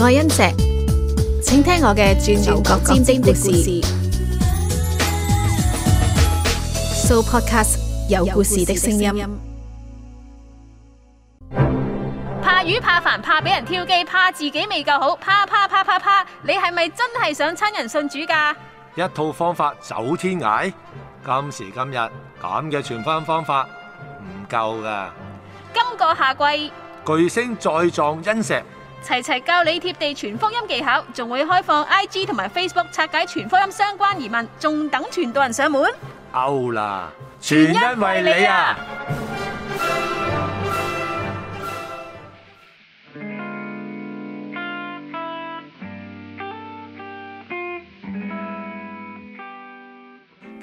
愛恩石，請聽我嘅鑽牛角尖丁的故事。So podcast 有故事的聲音。怕魚怕煩怕俾人挑機，怕自己未夠好，怕怕怕怕怕，你係咪真係想親人信主噶？一套方法走天涯，今時今日咁嘅傳翻方法唔夠噶。夠今個夏季，巨星再撞恩石。齊齊教你貼地傳福音技巧，仲會開放 IG 同埋 Facebook 拆解傳福音相關疑問，仲等傳道人上門。Out 啦，全因為你啊！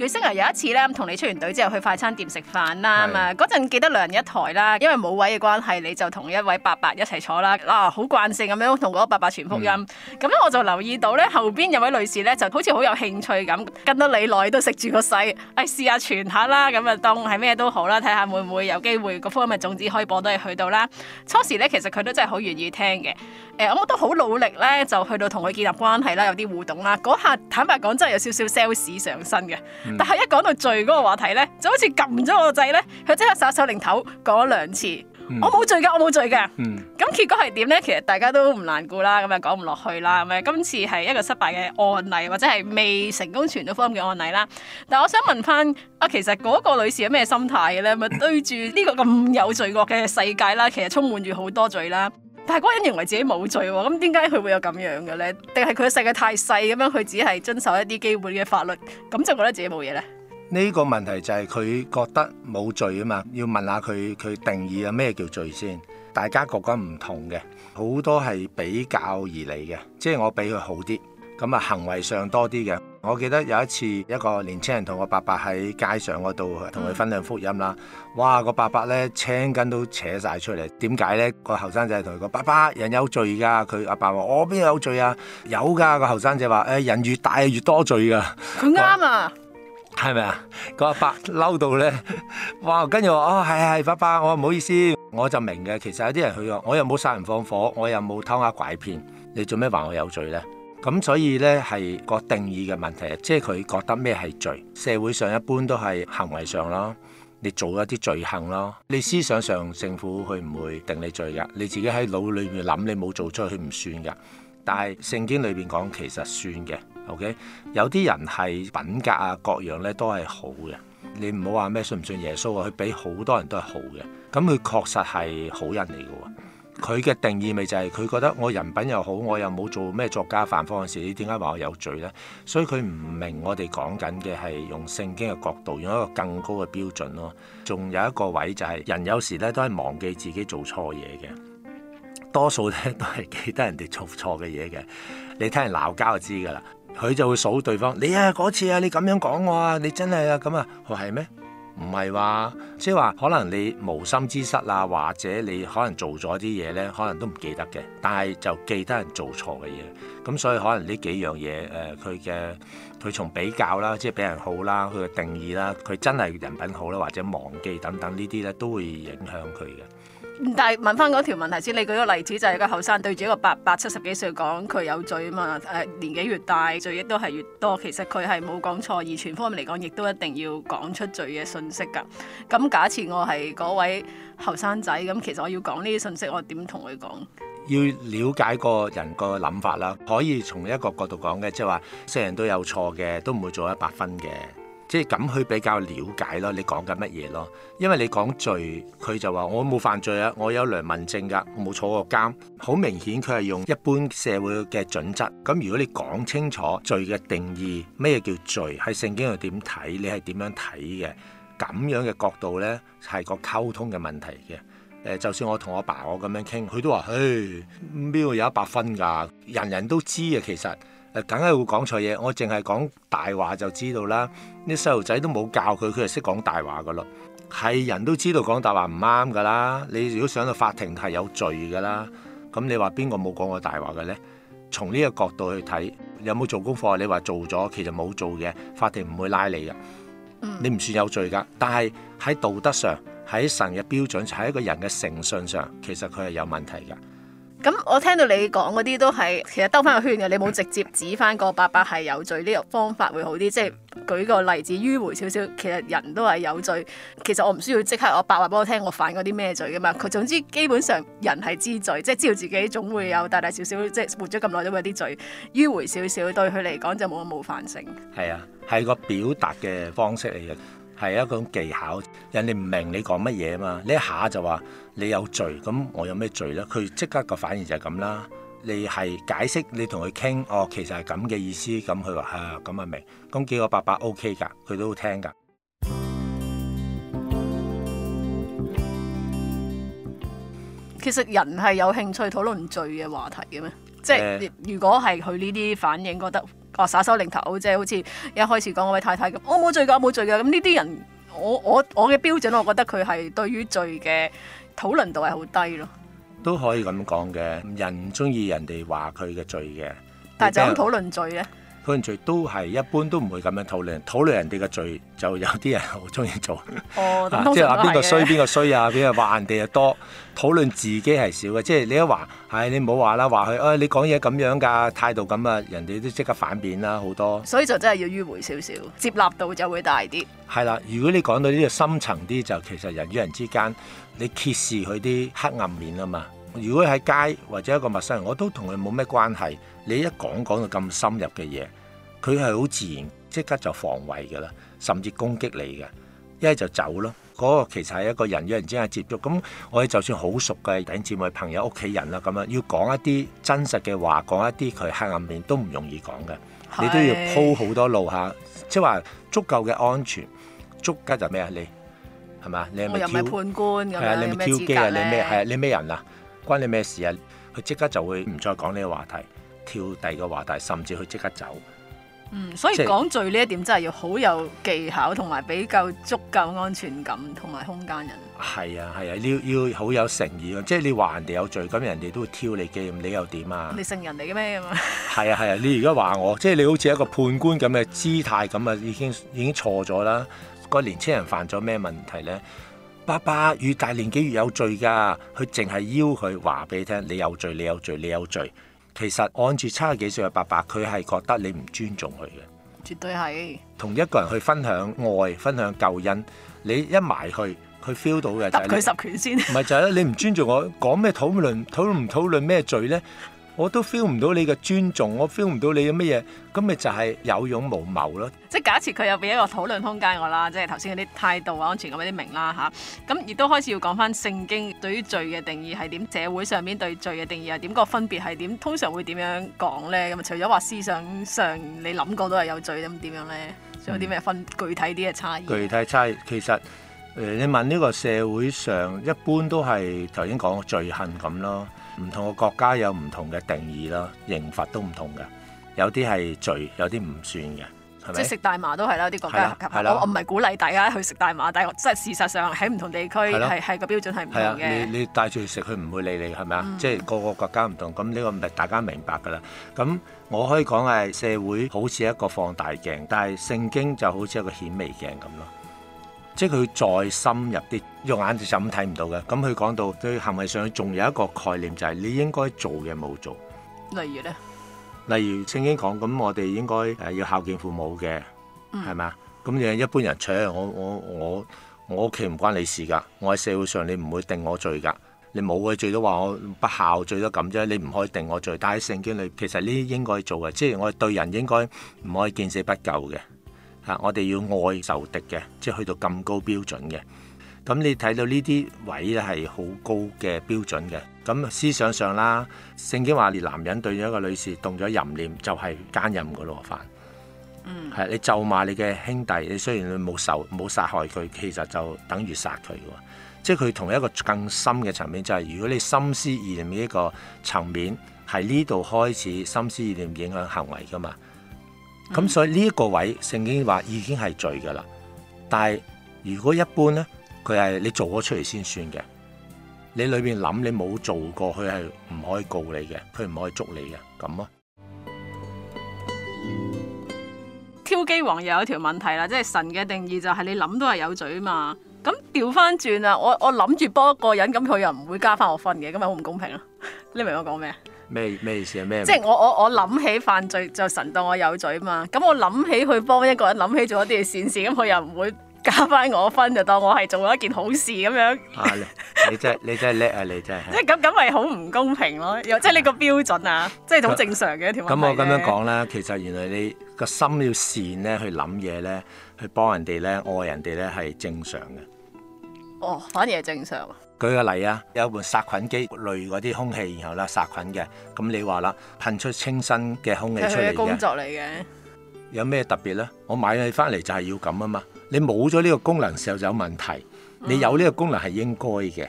星期、啊、有一次咧，同你出完隊之後去快餐店食飯啦是的 嘛。嗰陣記得兩人一台啦，因為冇位嘅關係，你就同一位伯伯一齊坐啦。啊，好慣性咁樣同嗰個伯伯傳福音。咁咧、嗯、我就留意到咧，後邊有位女士咧就好似好有興趣咁，跟到你耐都食住個西，誒試下傳下啦。咁啊當係咩都好啦，睇下會唔會有機會個福音嘅種子可以播到你去到啦。初時咧其實佢都真係好願意聽嘅。誒、欸，我我都好努力咧，就去到同佢建立關係啦，有啲互動啦。嗰下坦白講真係有少少 sales 上身嘅。嗯。但係一講到罪嗰個話題咧，就好似撳咗個掣咧，佢即刻手手擰頭講咗兩次，嗯、我冇罪噶，我冇罪噶。咁、嗯、結果係點咧？其實大家都唔難估啦，咁又講唔落去啦。咁樣今次係一個失敗嘅案例，或者係未成功傳到福音嘅案例啦。但係我想問翻啊，其實嗰個女士有咩心態嘅咧？咪 對住呢個咁有罪惡嘅世界啦，其實充滿住好多罪啦。但係嗰人認為自己冇罪喎，咁點解佢會有咁樣嘅呢？定係佢嘅世界太細咁樣，佢只係遵守一啲基本嘅法律，咁就覺得自己冇嘢呢？呢個問題就係佢覺得冇罪啊嘛，要問下佢佢定義啊咩叫罪先？大家各個人唔同嘅，好多係比較而嚟嘅，即係我比佢好啲，咁啊行為上多啲嘅。我記得有一次，一個年青人同我伯伯喺街上嗰度同佢分享福音啦。嗯、哇，個伯伯咧，青筋都扯晒出嚟。點解咧？個後生仔同佢講：，爸，爸，伯，人有罪噶。佢阿爸話：，我邊有罪啊？有噶。個後生仔話：，誒、欸，人越大越多罪噶。佢啱啊，係咪啊？個阿伯嬲到咧， 哇！跟住我話哦，係係，爸爸。我」我唔好意思，我就明嘅。其實有啲人去啊，我又冇殺人放火，我又冇偷呃拐騙，你做咩話我有罪咧？咁所以呢，係個定義嘅問題。即係佢覺得咩係罪？社會上一般都係行為上咯，你做一啲罪行咯，你思想上政府佢唔會定你罪噶，你自己喺腦裏面諗你冇做出去，佢唔算噶。但係聖經裏邊講其實算嘅，OK。有啲人係品格啊各樣呢都係好嘅，你唔好話咩信唔信耶穌啊，佢俾好多人都係好嘅，咁佢確實係好人嚟嘅喎。佢嘅定義咪就係佢覺得我人品又好，我又冇做咩作奸犯科嘅事，你點解話我有罪呢？所以佢唔明我哋講緊嘅係用聖經嘅角度，用一個更高嘅標準咯。仲有一個位就係人有時咧都係忘記自己做錯嘢嘅，多數咧都係記得人哋做錯嘅嘢嘅。你聽人鬧交就知㗎啦，佢就會數對方你啊嗰次啊，你咁樣講我啊，你真係啊咁啊，佢係咩？唔係話，即係話可能你無心之失啊，或者你可能做咗啲嘢呢，可能都唔記得嘅。但係就記得人做錯嘅嘢，咁所以可能呢幾樣嘢，誒佢嘅佢從比較啦，即係畀人好啦，佢嘅定義啦，佢真係人品好啦，或者忘記等等呢啲呢，都會影響佢嘅。但係問翻嗰條問題先，你舉個例子就係個後生對住一個伯伯七十幾歲，講佢有罪啊嘛，誒、呃、年紀越大罪亦都係越多，其實佢係冇講錯，而全方面嚟講亦都一定要講出罪嘅信息㗎。咁假設我係嗰位後生仔，咁其實我要講呢啲信息，我點同佢講？要了解個人個諗法啦，可以從一個角度講嘅，即係話世人都有錯嘅，都唔會做一百分嘅。即係咁去比較了解咯，你講緊乜嘢咯？因為你講罪，佢就話我冇犯罪啊，我有良民證㗎，冇坐過監。好明顯佢係用一般社會嘅準則。咁如果你講清楚罪嘅定義，咩叫罪？喺聖經度點睇？你係點樣睇嘅？咁樣嘅角度呢係個溝通嘅問題嘅。誒，就算我同我爸爸我咁樣傾，佢都話：唉，呢個有一百分㗎，人人都知啊，其實。梗係會講錯嘢。我淨係講大話就知道啦。啲細路仔都冇教佢，佢就識講大話噶咯。係人都知道講大話唔啱噶啦。你如果上到法庭係有罪噶啦。咁你話邊個冇講過大話嘅咧？從呢個角度去睇，有冇做功課？你話做咗，其實冇做嘅，法庭唔會拉你嘅。你唔算有罪噶。但係喺道德上，喺神嘅標準，喺一個人嘅誠信上，其實佢係有問題嘅。咁、嗯、我聽到你講嗰啲都係，其實兜翻個圈嘅，你冇直接指翻個伯伯係有罪呢個方法會好啲，即係舉個例子迂迴少少。其實人都係有罪，其實我唔需要即刻我伯伯話俾我聽，我犯過啲咩罪㗎嘛。佢總之基本上人係知罪，即係知道自己總會有大大小小，即係活咗咁耐都會有啲罪。迂迴少少對佢嚟講就冇咁冒犯性。係啊，係個表達嘅方式嚟嘅。係一種技巧，人哋唔明你講乜嘢嘛？呢下就話你有罪，咁我有咩罪咧？佢即刻個反應就係咁啦。你係解釋，你同佢傾，哦，其實係咁嘅意思，咁佢話啊，咁啊明。咁幾個伯伯 OK 㗎，佢都聽㗎。其實人係有興趣討論罪嘅話題嘅咩？即係、呃、如果係佢呢啲反應，覺得。哦，耍手擰頭即係好似一開始講嗰位太太咁，我冇罪㗎，冇罪嘅。咁呢啲人，我我我嘅標準，我覺得佢係對於罪嘅討論度係好低咯，都可以咁講嘅，人唔中意人哋話佢嘅罪嘅，但係就咁討論罪咧。嗰樣罪都係一般都唔會咁樣討論，討論人哋嘅罪就有啲人好中意做，即係話邊個衰邊個衰啊，邊個話、啊、人哋嘅多，討論自己係少嘅。即係你一、哎你哎、你話，係你唔好話啦，話佢，誒你講嘢咁樣㗎，態度咁啊，人哋都即刻反面啦，好多。所以就真係要迂迴少少，接納度就會大啲。係啦，如果你講到呢個深層啲，就其實人與人之間，你揭示佢啲黑暗面啊嘛。如果喺街或者一個陌生人，我都同佢冇咩關係。你一講講到咁深入嘅嘢，佢係好自然即刻就防衞噶啦，甚至攻擊你嘅，一係就走咯。嗰個其實係一個人與人之間接觸，咁我哋就算好熟嘅頂尖位朋友、屋企人啦，咁樣要講一啲真實嘅話，講一啲佢黑暗面都唔容易講嘅，是你都要鋪好多路下，即係話足夠嘅安全，足吉就咩啊？你係咪？你係咪判官？係你係咪挑機啊？你咩？係啊，你咩人啊？關你咩事啊？佢即刻就會唔再講呢個話題。跳第二個話題，甚至佢即刻走。嗯，所以講罪呢一點真係即要好有技巧，同埋比較足夠安全感同埋空間人。係啊，係啊，你要要好有誠意啊！即係你話人哋有罪，咁人哋都會挑你嘅，你又點啊， 啊，啊？你聖人嚟嘅咩？咁啊？係啊，係啊！你而家話我，即係你好似一個判官咁嘅姿態咁啊，已經已經錯咗啦。個年青人犯咗咩問題咧？爸爸越大年紀越有罪㗎，佢淨係要佢話俾你聽：你有罪，你有罪，你有罪。其實按住七十幾歲嘅伯伯，佢係覺得你唔尊重佢嘅，絕對係同一個人去分享愛、分享救恩，你一埋去，佢 feel 到嘅，得佢十拳先。唔 係就係你唔尊重我，講咩討論討唔討論咩罪呢？我都 feel 唔到你嘅尊重，我 feel 唔到你嘅乜嘢，咁咪就係有勇無謀咯。即係假設佢有俾一個討論空間我啦，即係頭先嗰啲態度啊、安全感嗰啲明啦吓，咁亦都開始要講翻聖經對於罪嘅定義係點？社會上面對罪嘅定義係點？個分別係點？通常會點樣講咧？咁啊，除咗話思想上你諗過都係有罪咁，點樣咧？仲有啲咩分具體啲嘅差異？具體差異，其實誒，你問呢個社會上一般都係頭先講嘅罪恨咁咯。唔同嘅國家有唔同嘅定義咯，刑罰都唔同嘅。有啲係罪，有啲唔算嘅，係咪？即係食大麻都係啦，啲國家合。係啦。我我唔係鼓勵大家去食大麻，但係即係事實上喺唔同地區係係個標準係唔同嘅。你你帶住去食佢唔會理你係咪啊？嗯、即係個個國家唔同，咁呢個大家明白㗎啦。咁我可以講係社會好似一個放大鏡，但係聖經就好似一個顯微鏡咁咯。即係佢再深入啲，用眼鏡就咁睇唔到嘅。咁佢講到對行為上，佢仲有一個概念就係你應該做嘅冇做。例如咧，例如聖經講咁，我哋應該誒要孝敬父母嘅，係咪？咁你一般人説，我我我我屋企唔關你事㗎，我喺社會上你唔會定我罪㗎。你冇嘅，最多話我不孝，最多咁啫。你唔可以定我罪。但係聖經裏，其實呢啲應該做嘅，即係我哋對人應該唔可以見死不救嘅。啊！我哋要愛仇敵嘅，即係去到咁高標準嘅。咁你睇到呢啲位咧係好高嘅標準嘅。咁思想上啦，聖經話你男人對咗個女士動咗淫念就係奸淫嘅咯犯。嗯，係你咒罵你嘅兄弟，你雖然冇仇冇殺害佢，其實就等於殺佢嘅。即係佢同一個更深嘅層面，就係如果你心思意念呢個層面係呢度開始心思意念影響行為㗎嘛。咁、嗯、所以呢一個位，聖經話已經係罪噶啦。但係如果一般咧，佢係你做咗出嚟先算嘅。你裏邊諗你冇做過，佢係唔可以告你嘅，佢唔可以捉你嘅，咁啊。挑機王又有一條問題啦，即係神嘅定義就係你諗都係有罪啊嘛。咁調翻轉啊，我我諗住幫一個人，咁佢又唔會加翻我分嘅，咁咪好唔公平啊？ 你明我講咩？咩咩意思啊？咩？即係我我我諗起犯罪就神當我有罪嘛，咁我諗起去幫一個人諗起做一啲嘅善事，咁佢又唔會加翻我分，就當我係做咗一件好事咁樣。啊，你真係你真係叻啊！你真係。即係咁咁咪好唔公平咯？又即係呢個標準啊？即係好正常嘅一條。咁我咁樣講啦，其實原來你個心要善咧，去諗嘢咧，去幫人哋咧，愛人哋咧，係正常嘅。哦，反而係正常。舉個例啊，有一部殺菌機濾嗰啲空氣，然後咧殺菌嘅。咁你話啦，噴出清新嘅空氣出嚟嘅。係佢工作嚟嘅。有咩特別咧？我買咗你翻嚟就係要咁啊嘛。你冇咗呢個功能時候就有問題。你有呢個功能係應該嘅。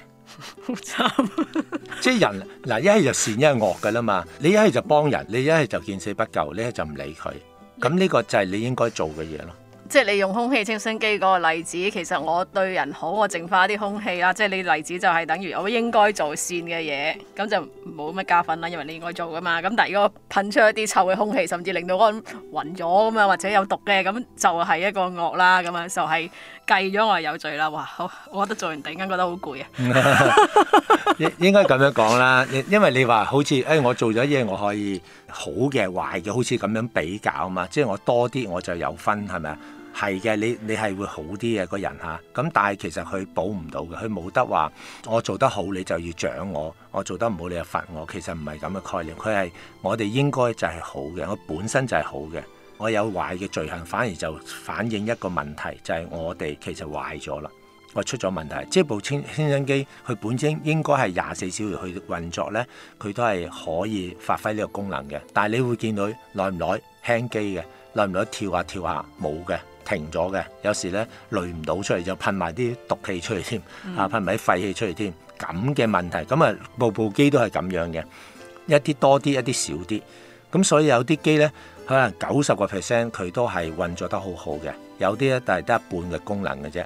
好慘，嗯。 即係人嗱，一係就善，一係惡噶啦嘛。你一係就幫人，你一係就見死不救，咧就唔理佢。咁呢個就係你應該做嘅嘢啦。即係你用空氣清新機嗰個例子，其實我對人好，我淨化啲空氣啦。即係你例子就係等於我應該做善嘅嘢，咁就冇乜加分啦，因為你應該做噶嘛。咁但如果噴出一啲臭嘅空氣，甚至令到我暈咗咁啊，或者有毒嘅，咁就係一個惡啦。咁啊，就係計咗我有罪啦。哇，好，我覺得做完突然間覺得好攰啊。應 應該咁樣講啦，因為你話好似誒、哎、我做咗嘢我可以好嘅、壞嘅，好似咁樣比較啊嘛。即係我多啲我就有分係咪啊？係嘅，你你係會好啲嘅個人吓。咁但係其實佢補唔到嘅，佢冇得話我做得好，你就要獎我；我做得唔好，你就罰我。其實唔係咁嘅概念，佢係我哋應該就係好嘅，我本身就係好嘅。我有壞嘅罪行，反而就反映一個問題，就係、是、我哋其實壞咗啦，我出咗問題。即係部清清新機，佢本身應該係廿四小時去運作呢，佢都係可以發揮呢個功能嘅。但係你會見到耐唔耐輕機嘅，耐唔耐，耐，耐跳下跳下冇嘅。停咗嘅，有時咧濾唔到出嚟，就噴埋啲毒氣出嚟添，啊、嗯、噴埋啲廢氣出嚟添，咁嘅問題，咁啊部部機都係咁樣嘅，一啲多啲，一啲少啲，咁所以有啲機咧可能九十個 percent 佢都係運作得好好嘅，有啲咧但係得一半嘅功能嘅啫。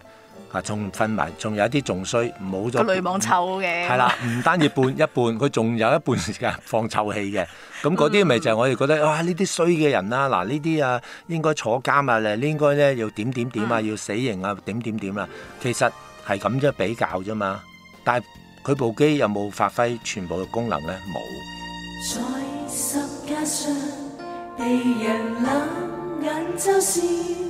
啊，仲瞓埋，仲有啲仲衰，冇咗個濾網臭嘅。係 啦，唔單止半一半，佢仲有一半時間放臭氣嘅。咁嗰啲咪就係我哋覺得，嗯、哇！呢啲衰嘅人啦、啊，嗱呢啲啊，應該坐監啊，誒應該咧要點點點啊，嗯、要死刑啊，點點點啦、啊。其實係咁啫比較啫嘛，但係佢部機有冇發揮全部嘅功能咧？冇。在十架上，被人冷眼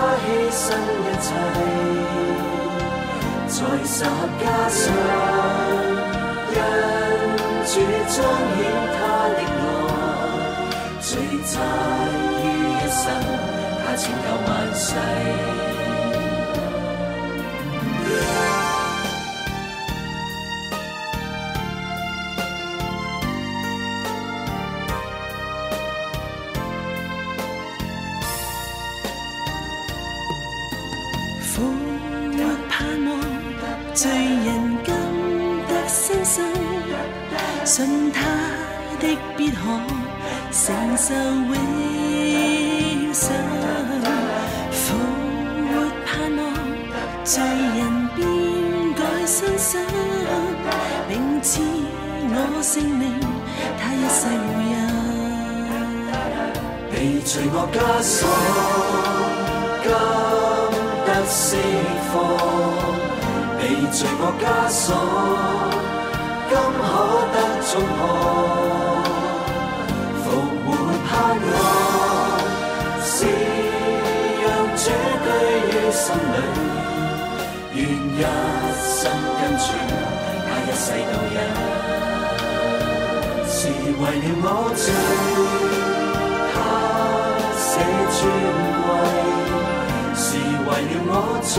他犧牲一切，在十架上，因主彰顯他的愛，最慘於一生，他拯救萬世。誰我枷鎖，今可得衝破。復活盼望，是讓這句於心裏。願一生跟從他一世道人，是為了我醉，他死尊貴，是為了我醉。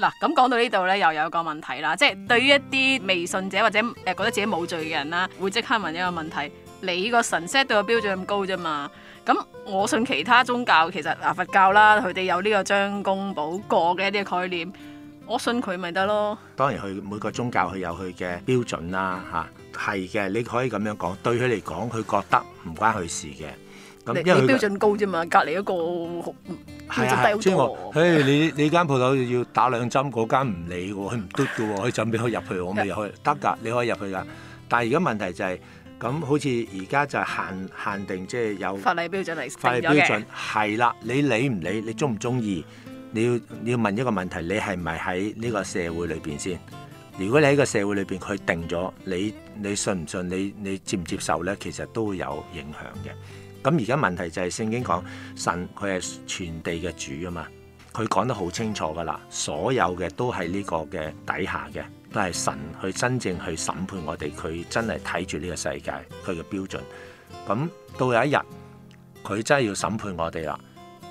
嗱，咁講到呢度呢，又有一個問題啦，即係對於一啲未信者或者誒覺得自己冇罪嘅人啦，會即刻問一個問題：你個神 set 到個標準咁高啫嘛？咁我信其他宗教，其實啊佛教啦，佢哋有呢個將功補過嘅一啲概念，我信佢咪得咯？當然佢每個宗教佢有佢嘅標準啦，吓，係嘅，你可以咁樣講，對佢嚟講，佢覺得唔關佢事嘅。咁因為你標準高啫嘛，隔離一個標準低好多。誒、 hey，你你間鋪頭要打兩針，嗰間唔理嘅，佢唔 do 嘅，佢咁你可以入去，我可以入去得㗎，你可以入去㗎。但係而家問題就係、是、咁，好似而家就係限限定，即係有法例標準嚟。法例標準係啦，你理唔理，你中唔中意，你要你要問一個問題，你係咪喺呢個社會裏邊先？如果你喺個社會裏邊，佢定咗你，你信唔信？你你接唔接受咧？其實都會有影響嘅。咁而家問題就係聖經講神佢係全地嘅主啊嘛，佢講得好清楚㗎喇，所有嘅都係呢個嘅底下嘅，都係神去真正去審判我哋，佢真係睇住呢個世界佢嘅標準。咁到有一日佢真係要審判我哋啦，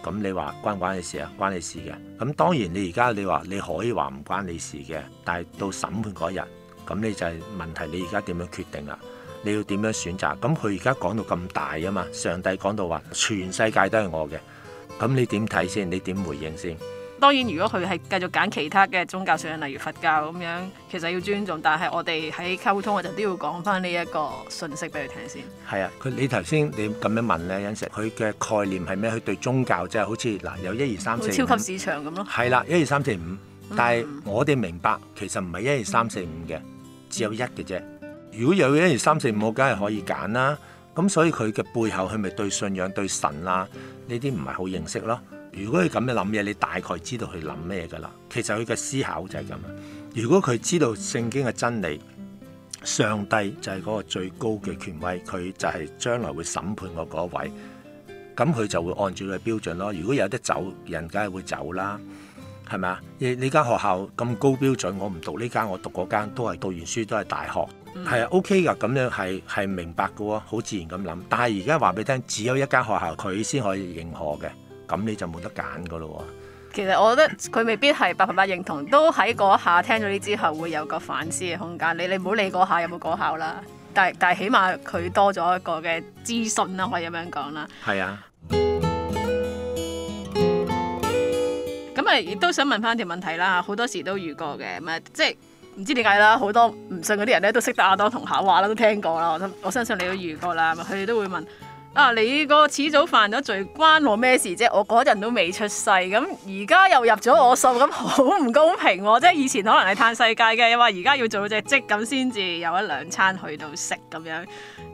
咁你話關唔關你事啊？關你事嘅。咁當然你而家你話你可以話唔關你事嘅，但係到審判嗰日，咁你就係問題，你而家點樣決定啊？你要點樣選擇？咁佢而家講到咁大啊嘛！上帝講到話，全世界都係我嘅，咁你點睇先？你點回應先？當然，如果佢係繼續揀其他嘅宗教信仰，例如佛教咁樣，其實要尊重，但係我哋喺溝通我就都要講返呢一個訊息俾佢聽先。係啊，佢你頭先你咁樣問咧，欣石佢嘅概念係咩？佢對宗教即係好似嗱有一二三四五，超級市場咁咯。係啦、啊，一二三四五，但係我哋明白其實唔係一二三四五嘅，只有一嘅啫。嗯如果有一二三四五，我梗係可以揀啦。咁所以佢嘅背後，佢咪對信仰、對神啦呢啲唔係好認識咯。如果佢咁樣諗嘢，你大概知道佢諗咩㗎啦。其實佢嘅思考就係咁。如果佢知道聖經嘅真理，上帝就係嗰個最高嘅權威，佢就係將來會審判我嗰位。咁佢就會按照佢標準咯。如果有得走，人梗係會走啦。係咪啊？你你間學校咁高標準，我唔讀呢間，我讀嗰間都係讀完書都係大學，係啊、嗯、OK 㗎。咁樣係係明白嘅喎，好自然咁諗。但係而家話俾你聽，只有一間學校佢先可以認可嘅，咁你就冇得揀嘅咯。其實我覺得佢未必係百分百認同，都喺嗰下聽咗呢之後會有個反思嘅空間。你你唔好理嗰下有冇嗰效啦，但係但係起碼佢多咗一個嘅資訊啦，可以咁樣講啦。係啊。咁啊，亦都想問翻條問題啦，好多時都遇過嘅，唔係，即係唔知點解啦，好多唔信嗰啲人咧都識得阿當同夏娃啦，都聽過啦，我相信你都遇過啦，佢哋都會問。啊！你個始早犯咗罪，關我咩事啫？我嗰陣都未出世，咁而家又入咗我數，咁好唔公平喎、啊！即係以前可能係嘆世界嘅，又話而家要做隻積咁先至有一兩餐去到食咁樣，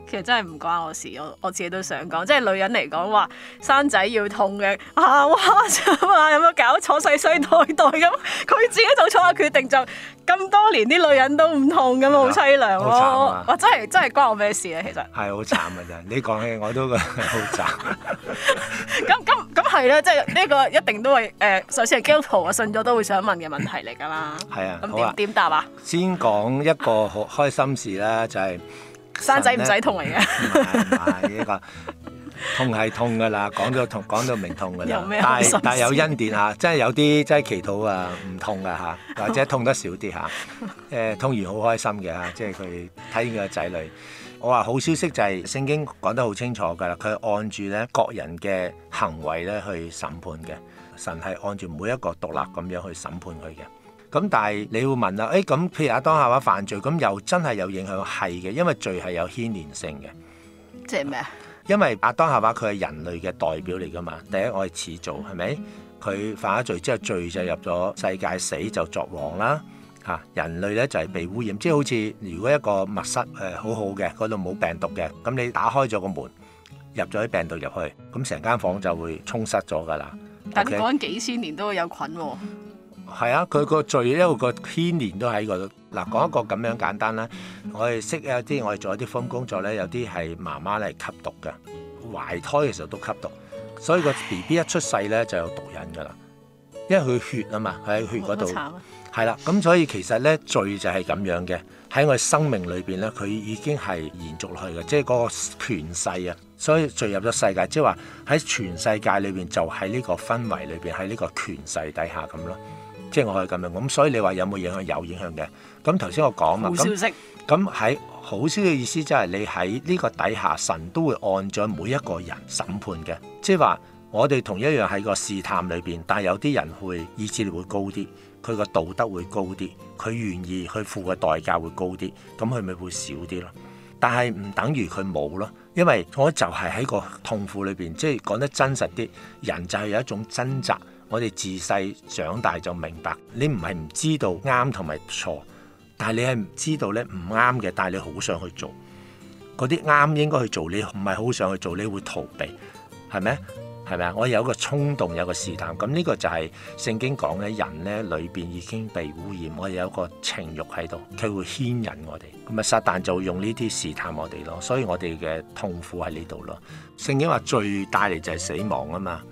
其實真係唔關我事。我我自己都想講，即係女人嚟講話生仔要痛嘅啊，哇！嘛 有冇搞錯？世世代代咁，佢 自己做錯決定就。咁多年啲女人都唔痛咁好的淒涼、哦、啊！我、啊、真係真係關我咩事咧、啊？其實係好慘嘅真，啊、 你講起我都覺得好慘。咁咁咁係啦，即係呢、這個一定都係誒，首先係 Gel Pro 我信咗都會想問嘅問題嚟㗎啦。係啊，咁點點答啊？先講一個好開心事啦，就係、是、生仔唔使痛嚟嘅。呢 痛係痛㗎喇，講到痛講到明痛㗎喇，但係但係有恩典吓，真係有啲真係祈禱啊唔痛㗎吓，或者痛得少啲吓。誒、啊、痛完好開心嘅吓，即係佢睇見個仔女。我話好消息就係、是、聖經講得好清楚㗎喇，佢按住咧各人嘅行為咧去審判嘅，神係按住每一個獨立咁樣去審判佢嘅。咁但係你會問啦，誒、哎、咁譬如阿當下話犯罪，咁又真係有影響係嘅，因為罪係有牽連性嘅。即係咩啊？因為亞當夏娃佢係人類嘅代表嚟㗎嘛，第一我係始祖，係咪？佢犯咗罪之後，罪就入咗世界，死就作王啦嚇。人類呢就係被污染，即係好似如果一個密室誒好好嘅，嗰度冇病毒嘅，咁你打開咗個門，入咗啲病毒入去，咁成間房就會沖失咗㗎啦。但係講緊幾千年都會有菌喎、哦。係啊，佢個罪咧個牽連都喺度。嗱、啊、講一個咁樣簡單啦。我哋識有啲我哋做一啲分工作咧，有啲係媽媽咧吸毒嘅，懷胎嘅時候都吸毒，所以個 B B 一出世咧就有毒癮噶啦，因為佢血啊嘛，佢喺血嗰度係啦。咁、啊啊嗯、所以其實咧罪就係咁樣嘅，喺我生命裏邊咧，佢已經係延續落去嘅，即係嗰個權勢啊。所以罪入咗世界，即係話喺全世界裏邊就喺呢個氛圍裏邊，喺呢個權勢底下咁咯。即係我可以咁樣咁，所以你話有冇影響？有影響嘅。咁頭先我講啦，咁喺好消息嘅意思，就係你喺呢個底下，神都會按咗每一個人審判嘅。即係話我哋同一樣喺個試探裏邊，但係有啲人會意志力會高啲，佢個道德會高啲，佢願意去付嘅代價會高啲，咁佢咪會少啲咯。但係唔等於佢冇咯，因為我就係喺個痛苦裏邊，即係講得真實啲，人就係有一種掙扎。我哋自細長大就明白，你唔係唔知道啱同埋錯，但係你係唔知道咧唔啱嘅，但係你好想去做。嗰啲啱應該去做，你唔係好想去做，你會逃避，係咪？係咪啊？我有個衝動，有個試探，咁、這、呢個就係聖經講嘅：「人咧裏邊已經被污染，我有個情欲喺度，佢會牽引我哋。」咁啊，撒旦就會用呢啲試探我哋咯，所以我哋嘅痛苦喺呢度咯。聖經話最帶嚟就係死亡啊嘛。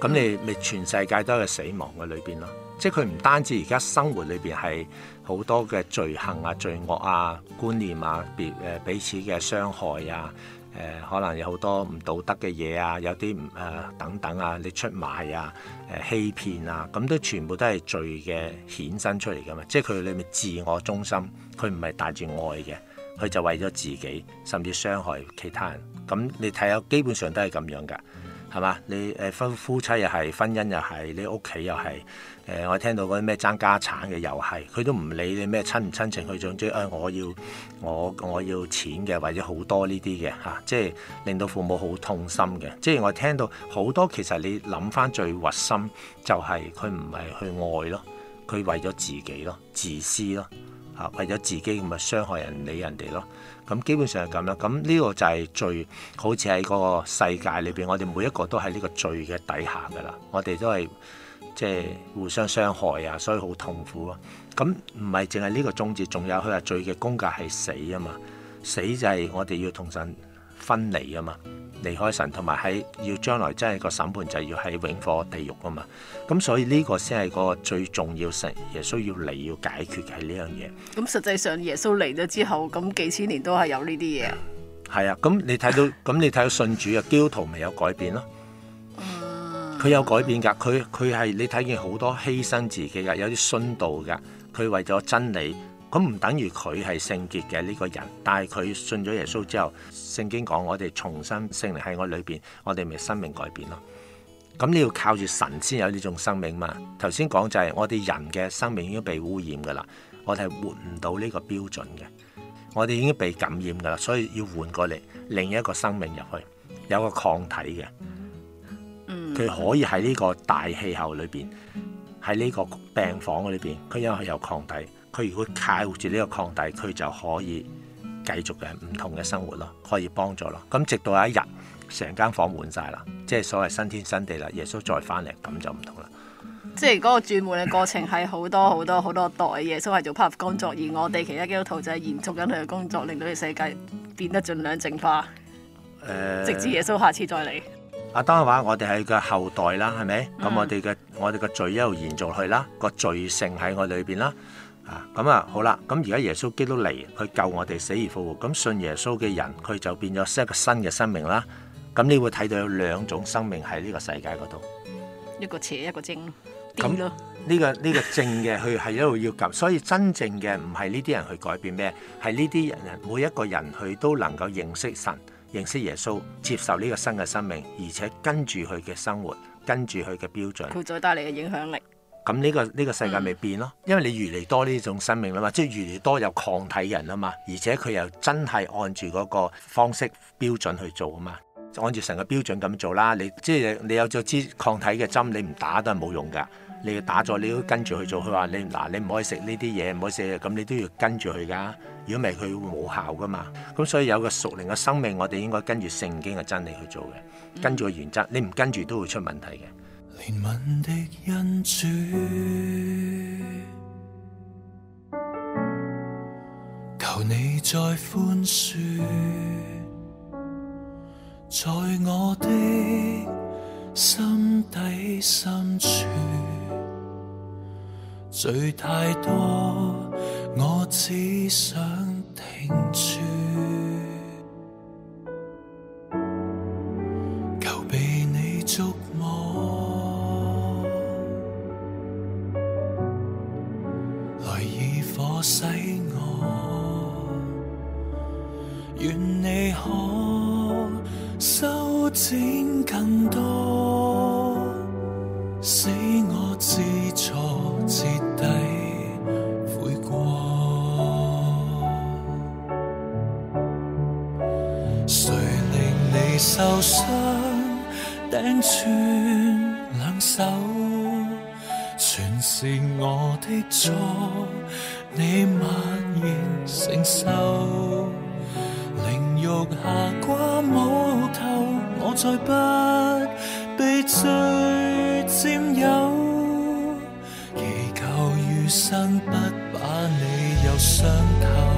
咁你咪全世界都係死亡嘅裏邊咯，即係佢唔單止而家生活裏邊係好多嘅罪行啊、罪惡啊、觀念啊、別誒彼此嘅傷害啊、誒、呃、可能有好多唔道德嘅嘢啊、有啲唔誒等等啊，你出賣啊、誒、呃、欺騙啊，咁都全部都係罪嘅衍生出嚟嘅嘛，即係佢裏面自我中心，佢唔係帶住愛嘅，佢就為咗自己，甚至傷害其他人。咁你睇下，基本上都係咁樣㗎。係嘛？你誒夫夫妻又係婚姻又係你屋企又係誒？我聽到嗰啲咩爭家產嘅又係，佢都唔理你咩親唔親情，佢總之誒，我要我我要錢嘅或者好多呢啲嘅嚇，即係令到父母好痛心嘅。即係我聽到好多，其實你諗翻最核心就係佢唔係去愛咯，佢為咗自己咯，自私咯嚇、啊，為咗自己咁咪傷害人唔理人哋咯。咁基本上係咁啦，咁呢個就係罪，好似喺個世界裏邊，我哋每一個都喺呢個罪嘅底下噶啦，我哋都係即係互相傷害啊，所以好痛苦啊。咁唔係淨係呢個終結，仲有佢話罪嘅工價係死啊嘛，死就係我哋要同神分離啊嘛。離開神同埋喺要將來真係個審判就要喺永火地獄啊嘛，咁所以呢個先係個最重要性，耶穌要嚟要解決嘅係呢樣嘢。咁實際上耶穌嚟咗之後，咁幾千年都係有呢啲嘢。係啊，咁你睇到咁 你睇到信主啊，基督徒咪有改變咯。佢、嗯、有改變㗎，佢佢係你睇見好多犧牲自己㗎，有啲殉道㗎，佢為咗真理。咁唔等於佢係聖潔嘅呢個人，但係佢信咗耶穌之後，聖經講我哋重新聖靈喺我裏邊，我哋咪生命改變咯。咁你要靠住神先有呢種生命嘛。頭先講就係我哋人嘅生命已經被污染噶啦，我哋係活唔到呢個標準嘅，我哋已經被感染噶啦，所以要換過嚟另一個生命入去，有個抗體嘅，佢可以喺呢個大氣候裏邊，喺呢個病房嗰裏邊，佢因為佢有抗體。佢如果靠住呢個抗體，佢就可以繼續嘅唔同嘅生活咯，可以幫助咯。咁直到有一日，成間房滿晒啦，即係所謂新天新地啦。耶穌再翻嚟，咁就唔同啦。即係嗰個轉換嘅過程係好多好多好多代。耶穌係做 part 工作，而我哋其他基督徒就係延續緊佢嘅工作，令到佢世界變得儘量淨化。誒，直至耶穌下次再嚟。阿當嘅話，我哋係佢嘅後代啦，係咪？咁我哋嘅我哋嘅罪一路延續去啦，個罪性喺我裏邊啦。咁啊，嗯、好啦，咁而家耶穌基督嚟去救我哋死而復活，咁、嗯、信耶穌嘅人佢就變咗一個新嘅生命啦。咁、嗯、你會睇到有兩種生命喺呢個世界嗰度，一個邪一個、嗯這個這個正咯。咁呢個呢個正嘅，佢係一路要救。所以真正嘅唔係呢啲人去改變咩，係呢啲人每一個人佢都能夠認識神、認識耶穌、接受呢個新嘅生命，而且跟住佢嘅生活，跟住佢嘅標準，佢再帶嚟嘅影響力。咁呢個呢個世界咪變咯，因為你越嚟多呢種生命啦嘛，即係越嚟多有抗體人啊嘛，而且佢又真係按住嗰個方式標準去做啊嘛，按住成個標準咁做啦。你即係你有咗支抗體嘅針，你唔打都係冇用噶。你要打咗，你都跟住去做。佢話你嗱，你唔可以食呢啲嘢，唔可以食嘢，咁，你都要跟住去噶。如果唔係，佢會冇效噶嘛。咁所以有個熟靈嘅生命，我哋應該跟住聖經嘅真理去做嘅，跟住個原則，你唔跟住都會出問題嘅。憐憫的恩主，求你再寬恕，在我的心底深處，罪太多，我只想停住。是我的錯，你默然承受，凌辱下瓜木頭，我再不被罪佔有，祈求餘生不把你又傷透。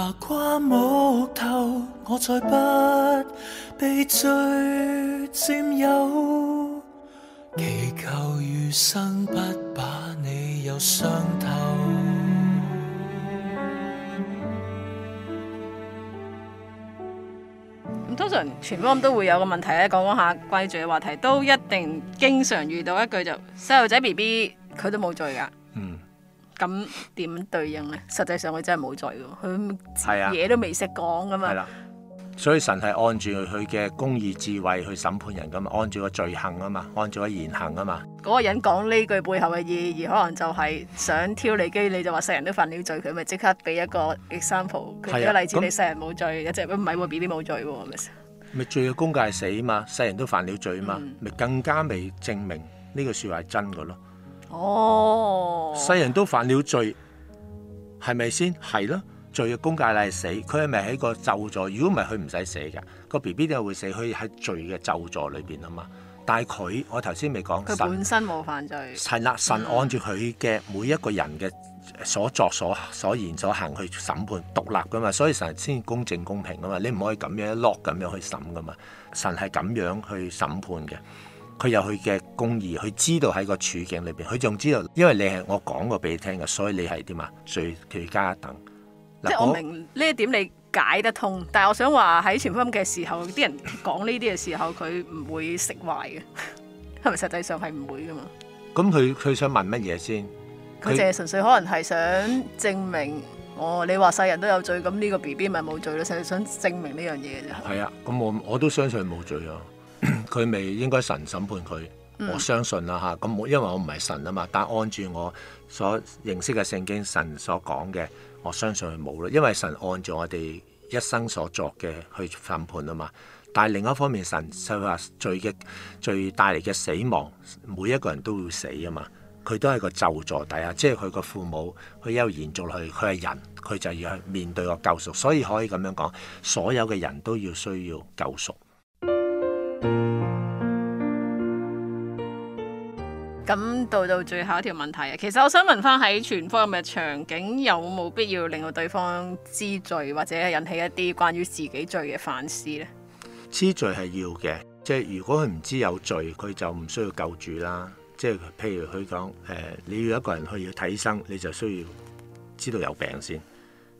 爬跨木頭，我再不被罪佔有，祈求餘生不把你又傷透。咁通常全方都會有個問題咧，講講下跪罪嘅話題都一定經常遇到一句，就細路仔 BB 佢都冇罪㗎。咁點對應咧？實際上佢真係冇罪喎，佢乜嘢都未識講噶嘛。係啦，所以神係按住佢嘅公義智慧去審判人噶嘛，按住個罪行啊嘛，按住個言行啊嘛。嗰個人講呢句背後嘅意義，而可能就係想挑你機，你就話世人都犯了罪，佢咪即刻俾一個 example，俾個例子你，世人都冇罪，有隻乜咪喎，B B 冇罪喎，係咪先？咪罪嘅工價係死啊嘛，世人都犯了罪啊嘛，咪更加未證明呢個説話係真嘅咯。哦，世人都犯了罪，係咪先？係咯。罪嘅工價乃死，佢係咪喺個咒詛？如果唔係，佢唔使死嘅，個 B B 又會死，佢喺罪嘅咒詛裏邊啊嘛。但係佢，我頭先未講，佢本身冇犯罪，係啦神，神按照佢嘅每一個人嘅所作所、嗯、所言所行去審判，獨立噶嘛，所以神先公正公平噶嘛，你唔可以咁樣一 lock 咁樣去審噶嘛，神係咁樣去審判嘅。佢有佢嘅公義，佢知道喺個處境裏邊，佢仲知道，因為你係我講過俾你聽嘅，所以你係點啊？罪佢加一等。即係我明呢一點，你解得通。但係我想話喺傳福音嘅時候，啲人講呢啲嘅時候，佢唔會食壞嘅，係 咪實際上係唔會噶嘛？咁佢佢想問乜嘢先？佢就純粹可能係想證明，他哦，你話世人都有罪，咁呢個 B B 咪冇罪咯？實在想證明呢樣嘢嘅啫。係啊，咁我我都相信冇罪啊。佢未 應該神審判佢，嗯啊，我相信啦吓。咁因為我唔係神啊嘛。但按住我所認識嘅聖經，神所講嘅，我相信佢冇咯。因為神按照我哋一生所作嘅去審判啊嘛。但係另一方面，神就話罪嘅罪帶嚟嘅死亡，每一個人都會死啊嘛。佢都係個咒詛底下，即係佢個父母，佢一路延續落去，佢係人，佢就要面對個救贖。所以可以咁樣講，所有嘅人都要需要救贖。咁到到最後一條問題啊，其實我想問翻喺全方位嘅場景，有冇必要令到對方知罪，或者引起一啲關於自己罪嘅反思呢？知罪係要嘅，即係如果佢唔知有罪，佢就唔需要救住啦。即係譬如佢講誒，你要一個人去要睇醫生，你就需要知道有病先。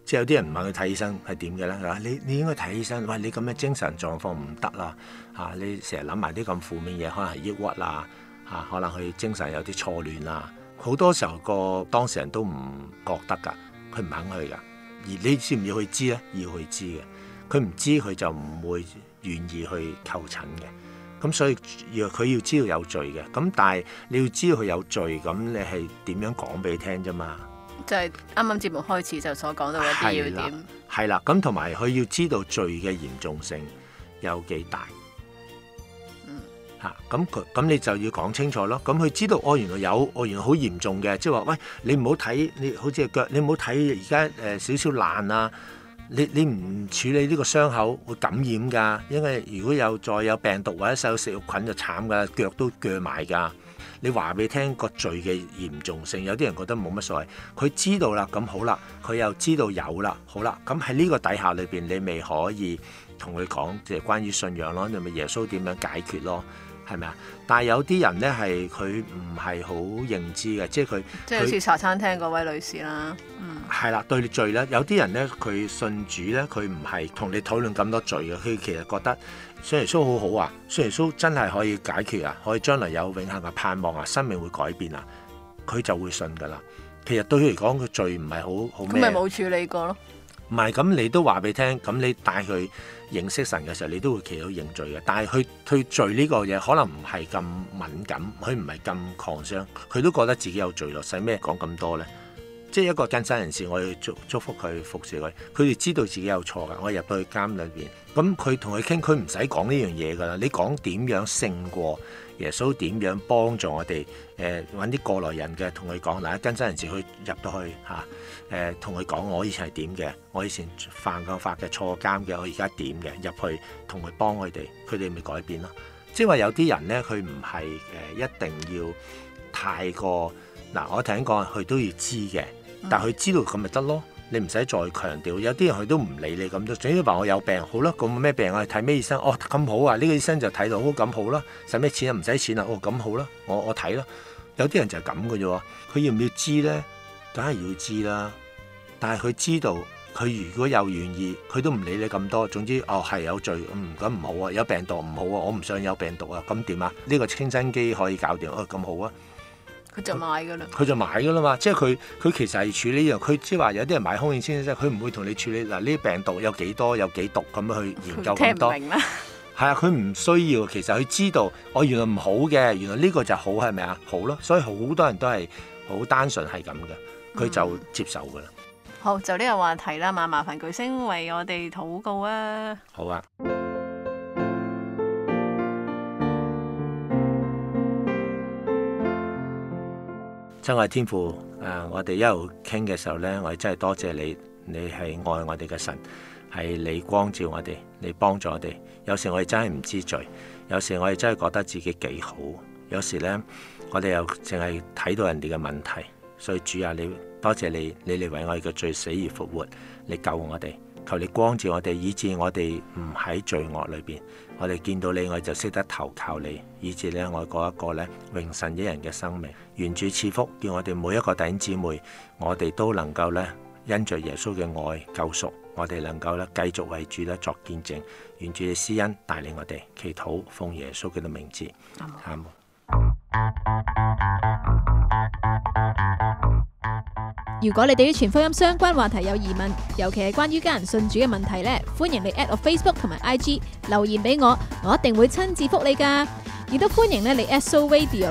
即係有啲人唔問去睇醫生係點嘅咧。啊你你應該睇醫生，喂你咁嘅精神狀況唔得啦，啊你成日諗埋啲咁負面嘢，可能係抑鬱啦。啊，可能佢精神有啲錯亂啦，好多時候個當事人都唔覺得㗎，佢唔肯去㗎。而你知唔要去知咧？要去知嘅，佢唔知佢就唔會願意去求診嘅。咁所以要佢要知道有罪嘅。咁但係你要知道佢有罪，咁你係點樣講俾佢聽啫嘛？就係啱啱節目開始就所講到一啲要點的。係啦的，咁同埋佢要知道罪嘅嚴重性有幾大。嚇，咁佢咁你就要講清楚咯。咁佢知道哦，原來有，哦原來好嚴重嘅，即係話，喂，你唔好睇，你好似腳，你唔好睇而家誒少少爛啊！你你唔處理呢個傷口會感染㗎，因為如果有再有病毒或者食肉菌就慘㗎，腳都鋸埋㗎。你話俾佢聽個罪嘅嚴重性，有啲人覺得冇乜所謂，佢知道啦，咁好啦，佢又知道有啦，好啦，咁喺呢個底下裏邊，你咪可以同佢講誒、即係、關於信仰咯，你咪耶穌點樣解決咯？係咪啊？但係有啲人咧，係佢唔係好認知嘅，即係佢即係好似茶餐廳嗰位女士啦，嗯，係啦，對你罪咧，有啲人咧，佢信主咧，佢唔係同你討論咁多罪嘅，佢其實覺得，信耶穌好好啊，信耶穌真係可以解決啊，可以將來有永恆嘅盼望啊，生命會改變啊，佢就會信噶啦。其實對佢嚟講，佢罪唔係好好咩？咁咪冇處理過咯。唔係咁，你都話俾你聽，咁你帶佢認識神嘅時候，你都會祈禱認罪嘅。但係佢對罪呢個嘢，可能唔係咁敏感，佢唔係咁抗傷，佢都覺得自己有罪咯，使咩講咁多呢？即係一個更生人士，我要祝祝福佢服侍佢，佢哋知道自己有錯㗎。我入到去監裏邊，咁佢同佢傾，佢唔使講呢樣嘢㗎啦。你講點樣勝過耶穌？點樣幫助我哋？誒揾啲過來人嘅同佢講，嗱，更生人士去入到去嚇。啊誒同佢講，呃、我以前係點嘅，我以前犯過法嘅、錯監嘅，我而家點嘅入去同佢幫佢哋，佢哋咪改變咯。即係話有啲人咧，佢唔係誒一定要太過嗱，我聽講佢都要知嘅，但係佢知道咁咪得咯，你唔使再強調。有啲人佢都唔理你咁多，總之話我有病好啦，咁咩病我去？睇咩醫生？哦咁好啊，呢、呢個醫生就睇到、哦、好咁好啦，使咩錢啊？唔使錢啊，哦咁好啦、啊，我我睇啦、啊。有啲人就係咁嘅啫喎，佢要唔要知咧？梗係要知啦，但係佢知道佢如果有願意，佢都唔理你咁多。總之哦，係有罪，唔咁唔好啊，有病毒唔好啊，我唔想有病毒啊，咁點啊？呢個清新機可以搞掂，哦咁好啊，佢就買噶啦，佢就買噶啦嘛。即係佢佢其實係處理樣，佢即係話有啲人買空氣清新劑，佢唔會同你處理嗱，呢啲病毒有幾多有幾毒咁去研究咁多。聽明啦？係啊，佢唔需要，其實佢知道，哦，原來唔好嘅，原來呢個就好係咪啊？好咯，所以好多人都係好單純係咁嘅。佢就接受噶啦。好，就呢個話題啦，麻麻煩巨星為我哋禱告啊。好啊。親愛天父，誒、呃，我哋一路傾嘅時候呢，我哋真係多謝你，你係愛我哋嘅神，係你光照我哋，你幫助我哋。有時我哋真係唔知罪，有時我哋真係覺得自己幾好，有時呢，我哋又淨係睇到人哋嘅問題。所以主啊，你多謝你，你嚟為我哋嘅罪死而復活，你救我哋，求你光照我哋，以致我哋唔喺罪惡裏邊，我哋見到你，我就識得投靠你，以致你過一個咧榮神益人嘅生命。願主賜福，叫我哋每一個弟兄姊妹，我哋都能夠咧因着耶穌嘅愛救贖，我哋能夠咧繼續為主咧作見證。願主嘅施恩帶領我哋，祈禱奉耶穌嘅名字，阿門。如果你對於全福音相關話題有疑問，尤其係關於家人信主嘅問題咧，歡迎你 at 我 Facebook 同埋 IG 留言俾我，我一定會親自複你噶。亦都歡迎咧你 at Soul Radio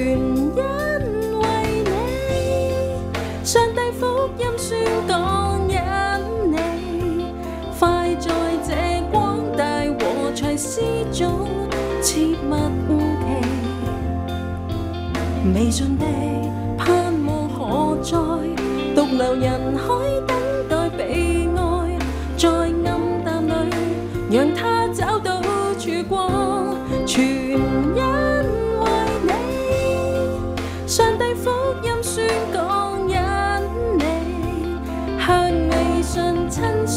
全因為你，上帝福音宣講引你，快在這廣大禾場施種，切勿誤期未盡的。